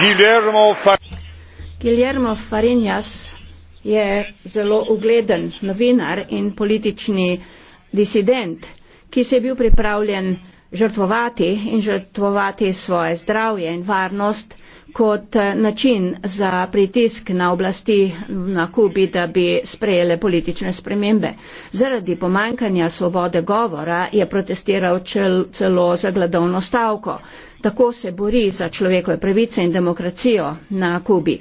Guillermo Guillermo Farinjas je zelo ugleden novinar in politični disident, ki se je bil pripravljen žrtvovati in žrtvovati svoje zdravje in varnost kot način za pritisk na oblasti na Kubi, da bi sprejele politične spremembe. Zaradi pomankanja svobode govora je protestiral čel, celo za gladovno stavko. Tako se bori za človekove pravice in demokracijo na Kubi.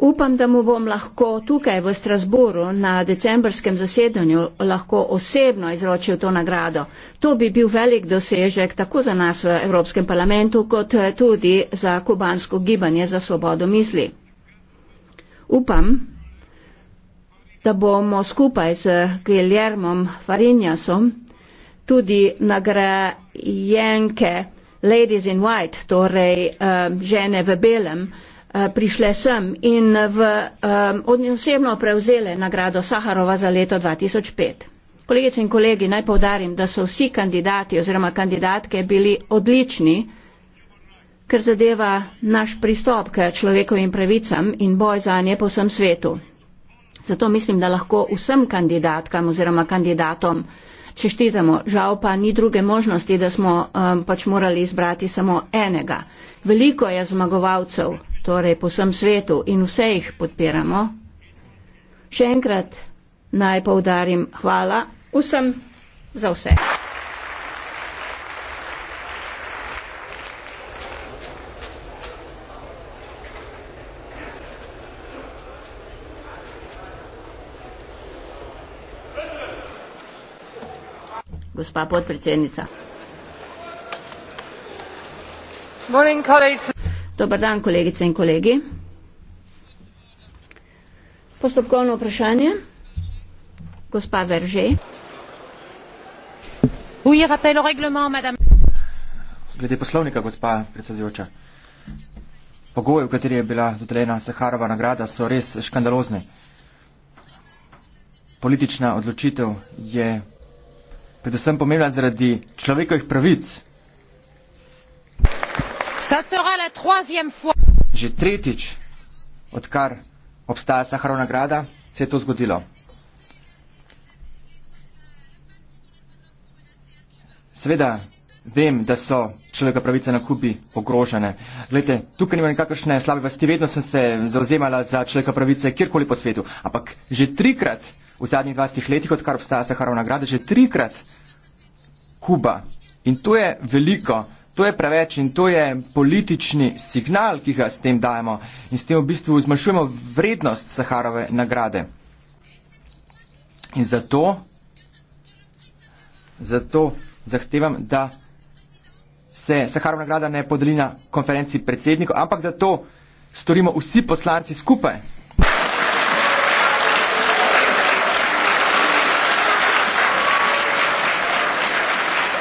Upam, da mu bom lahko tukaj v Strasburu na decembrskem zasedanju lahko osebno izročil to nagrado. To bi bil velik dosežek tako za nas v Evropskem parlamentu, kot tudi za kubansko gibanje za svobodo misli. Upam, da bomo skupaj z Guillermom Farinjasom tudi nagrajenke Ladies in White, torej um, žene v belem, uh, Eh, prišle sem in v, um, osebno prevzele nagrado Saharova za leto 2005. Kolegice in kolegi, naj povdarim, da so vsi kandidati oziroma kandidatke bili odlični, ker zadeva naš pristop k človekovim pravicam in boj za nje po vsem svetu. Zato mislim, da lahko vsem kandidatkam oziroma kandidatom češtitamo. Žal pa ni druge možnosti, da smo um, pač morali izbrati samo enega. Veliko je zmagovalcev torej po vsem svetu in vse jih podpiramo. Še enkrat naj povdarim hvala vsem za vse. Gospa podpredsednica. Good morning, colleagues. Dobar dan, kolegice in kolegi. Postopkovno vprašanje. Gospa Verže. Oui, rappel au règlement, madame. Glede poslovnika, gospa predsedujoča. Pogoje, v kateri je bila dodeljena Saharova nagrada, so res škandalozne. Politična odločitev je predvsem pomembna zaradi človekovih pravic. Ça sera la troisième fois. Že tretjič, odkar obstaja Saharova nagrada, se je to zgodilo. Sveda vem, da so človeka pravice na Kubi ogrožene. Glede, tukaj nima nikakršne slabe vesti, vedno sem se zauzemala za človeka pravice kjerkoli po svetu, ampak že trikrat v zadnjih 20 letih, odkar obstaja Saharova nagrada, že trikrat Kuba. In to je veliko. To je preveč in to je politični signal, ki ga s tem dajemo in s tem v bistvu zmanjšujemo vrednost Saharove nagrade. In zato, zato zahtevam, da se Saharova nagrada ne podeli na konferenci predsednikov, ampak da to storimo vsi poslanci skupaj.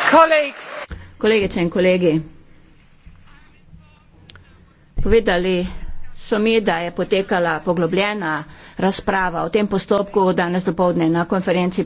Colleagues. Kolegice in kolegi, povedali so mi, da je potekala poglobljena razprava o tem postopku danes dopovdne na konferenci